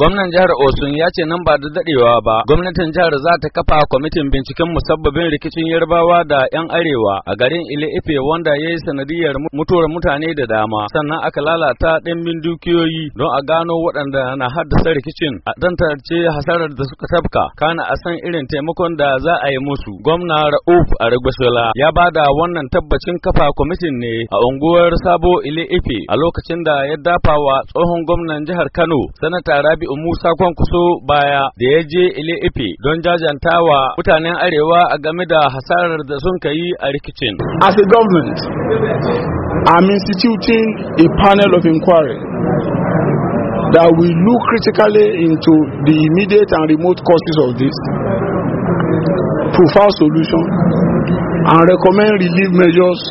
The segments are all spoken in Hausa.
Gwamnan jihar Osun ya ce nan ba da dadewa ba, gwamnatin jihar za ta kafa kwamitin binciken musabbabin rikicin Yarbawa da 'yan Arewa a garin Ile Ife wanda ya yi sanadiyar mutuwar mutane da dama, sannan aka lalata ɗimbin dukiyoyi don a gano waɗanda na haddasa rikicin a tantance hasarar da suka tafka, kana a san irin taimakon da za a yi musu. Gwamna Rauf Arigbasola ya ba da wannan tabbacin kafa kwamitin ne a unguwar Sabo Ile Ife a lokacin da ya dafa wa tsohon gwamnan jihar Kano, Sanata Rabi Rabi'u Musa Kwankwaso baya da ya je Ile Ife don jajantawa mutanen Arewa a game da hasarar da sun kayi a rikicin. As a government, I'm instituting a panel of inquiry that will look critically into the immediate and remote causes of this, provide solution and recommend relief measures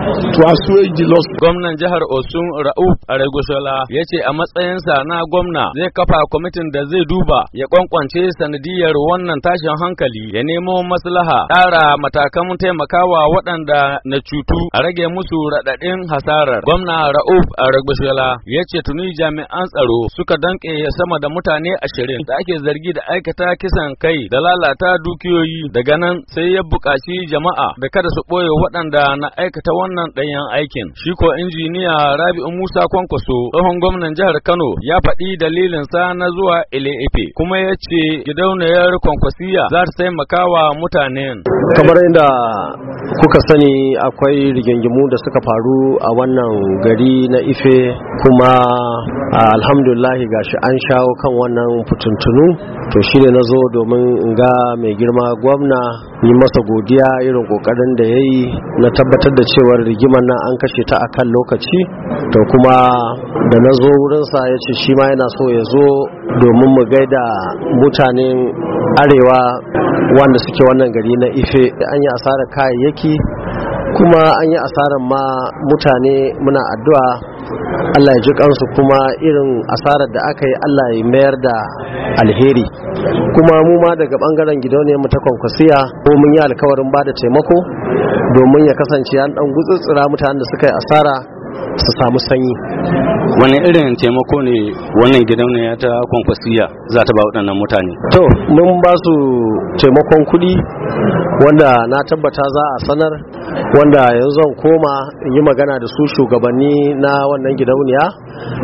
to a the loss. Gwamnan jihar Osun Rauf Aregoshola ya ce a matsayinsa na gwamna zai kafa kwamitin da zai duba ya kwankwance sanadiyar wannan tashin hankali ya nemo maslaha tsara matakan taimakawa waɗanda na cutu a rage musu raɗaɗin hasarar. Gwamna Rauf Aregoshola ya ce tuni jami'an tsaro suka danƙe sama da mutane ashirin da ake zargi da aikata kisan kai da lalata dukiyoyi daga nan sai ya buƙaci jama'a da kada su ɓoye waɗanda na aikata wannan wannan ɗanyen aikin. Shi ko injiniya Rabi'u Musa Kwankwaso, tsohon gwamnan jihar Kano, ya faɗi dalilin sa na zuwa ile kuma ya ce gidauniyar Kwankwasiya za ta taimaka wa mutanen. Kamar inda kuka sani akwai rigingimu da suka faru a wannan gari na Ife kuma alhamdulahi shi an shawo kan wannan fitintunu to shi ne na zo domin ga mai girma gwamna yi masa godiya irin kokarin da ya yi na tabbatar da cewar rigimar nan an kashe ta akan lokaci to kuma da na zo wurinsa ya ce shi ma yana so ya zo domin mu gaida mutanen arewa wanda suke wannan gari na ife an yi asarar kayayyaki kuma an yi asarar ma mutane muna addu'a Allah ya ji kansu kuma irin asarar da aka yi Allah ya mayar da alheri kuma mu ma daga bangaren gidauniya mu ta kwankwasiya ko mun yi alkawarin ba da taimako domin ya kasance an dan gutsutsura mutanen da suka yi asara su samu sanyi wani irin taimako ne wannan gidauniya ta kwankwasiya za ta ba waɗannan mutane to mun ba su taimakon kuɗi wanda na tabbata za a sanar wanda yanzu zan koma in yi magana da su shugabanni na wannan gidauniya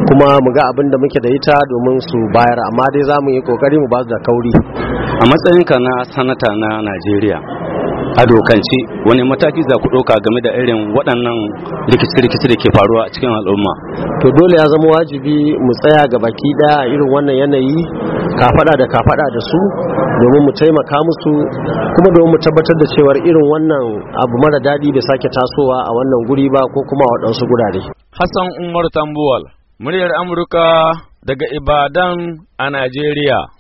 kuma mu ga abin da muke da ita domin su bayar amma dai za mu yi kokari mu ba su da kauri a matsayinka na sanata na najeriya a dokance wani mataki za ku ɗauka game da irin waɗannan rikici-rikici da ke faruwa a cikin al'umma to dole ya zama wajibi mu tsaya ga baki ɗaya irin wannan yanayi kafada da kafada da su domin mu taimaka musu kuma domin mu tabbatar da cewar irin wannan abu mara daɗi bai sake tasowa a wannan guri ba ko kuma a waɗansu gurare. Hassan Umar Tambuwal, muryar Amurka daga Ibadan a Najeriya.